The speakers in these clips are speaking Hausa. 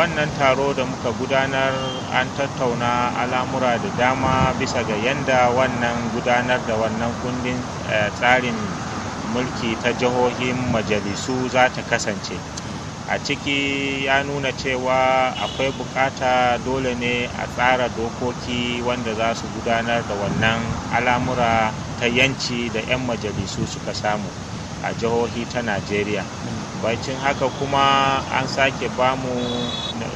wannan taro da muka gudanar an tattauna al'amura da dama bisa ga yanda wannan gudanar da wannan kundin eh, tsarin mulki ta jihohin majalisu za ta kasance a ciki ya nuna cewa akwai buƙata dole ne a tsara dokoki wanda za su gudanar da wannan al'amura ta yanci da 'yan majalisu suka samu a jihohi ta najeriya bacin haka kuma an sake bamu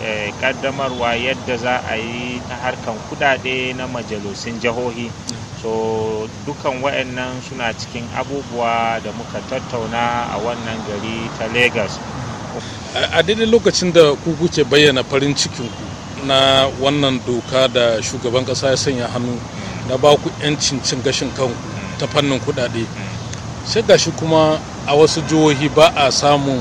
eh, kaddamarwa yadda za a yi ta harkan kudade na majalisun jihohi so dukan waɗannan suna cikin abubuwa da muka tattauna a wannan gari ta lagos a daidai lokacin da ku kuke bayyana farin cikinku na wannan doka da shugaban ƙasa ya sanya hannu na ba ku 'yancin cin gashin kanku ta fannin kudade sai gashi kuma a wasu jihohi ba a samun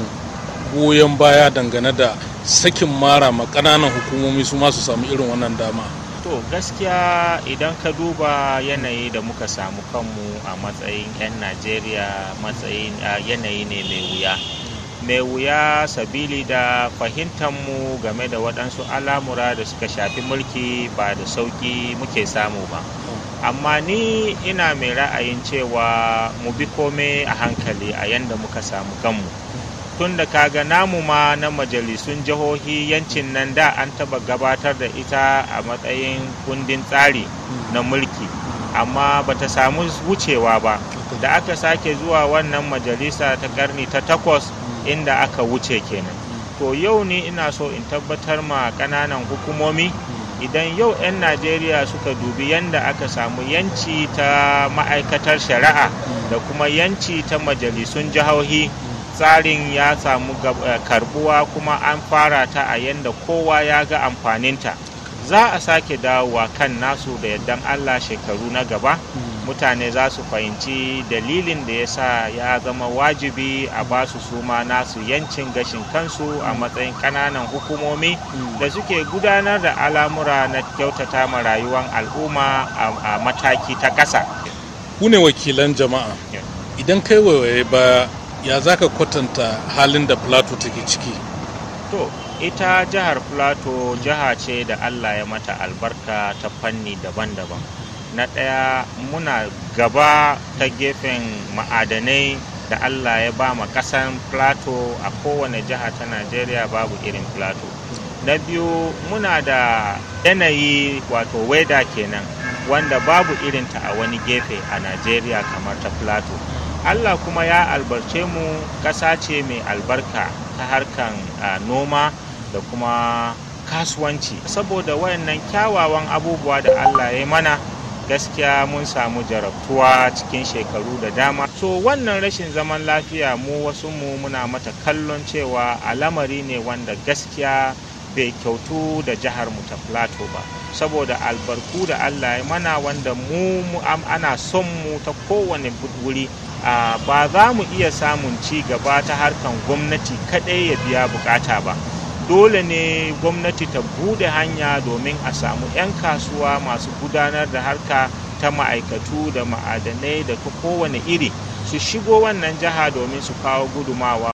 goyon baya dangane da sakin mara ma ƙananan hukumomi su masu samu irin wannan dama to gaskiya idan ka duba yanayi da muka samu kanmu a matsayin 'yan najeriya matsayin yanayi ne mai wuya mai wuya sabili da fahimtanmu game da waɗansu al'amura da suka shafi mulki ba da sauƙi muke samu ba amma ni ina mai ra'ayin cewa mu bi kome a hankali a yanda muka samu kanmu tun da kaga namu ma na majalisun jihohi yancin nan da an taba gabatar da ita a matsayin kundin tsari na mulki amma bata samu wucewa ba da aka sake zuwa wannan majalisa ta karni ta takwas inda aka wuce kenan to yau ni ina so in tabbatar ma ƙananan hukumomi idan yau 'yan najeriya suka dubi yadda aka samu yanci ta ma'aikatar shari'a da kuma yanci ta majalisun jihohi tsarin ya samu eh, karbuwa kuma an fara ta a yadda kowa ya ga amfaninta za a sake dawowa kan nasu da yardan allah shekaru na gaba mutane za su fahimci dalilin da ya sa ya zama wajibi a ba su suma nasu yancin gashin kansu a matsayin kananan hukumomi da suke gudanar da al'amura na kyautata ma rayuwar al'umma a mataki ta ƙasa. ku ne wakilan jama'a idan kai waiwaye ba ya za ka kwatanta halin da plato take ciki to ita jihar plato jiha ce da allah ya mata albarka ta fanni daban-daban na ɗaya muna gaba ta gefen ma'adanai da allah ya ba ma ƙasan plato a kowane jiha ta najeriya babu irin plato na biyu muna da yanayi wato weda kenan wanda babu irin ta a wani gefe a najeriya kamar ta plato allah kuma ya albarce mu ƙasa ce mai albarka ta harkan noma da kuma kasuwanci saboda wayannan kyawawan abubuwa da allah ya mana gaskiya mun samu jarabtuwa cikin shekaru da dama so wannan rashin zaman lafiya mu wasu mu muna mata kallon cewa alamari ne wanda gaskiya bai kyautu da jihar mu ta plateau ba saboda albarku da allah ya mana wanda mu ana son mu ta kowane wuri ba za mu iya samun ci gaba ta harkan gwamnati kaɗai ya biya bukata ba dole ne gwamnati ta buɗe hanya domin a samu 'yan kasuwa masu gudanar da harka ta ma'aikatu da ma'adanai da ta kowane iri su shigo wannan jiha domin su kawo gudumawa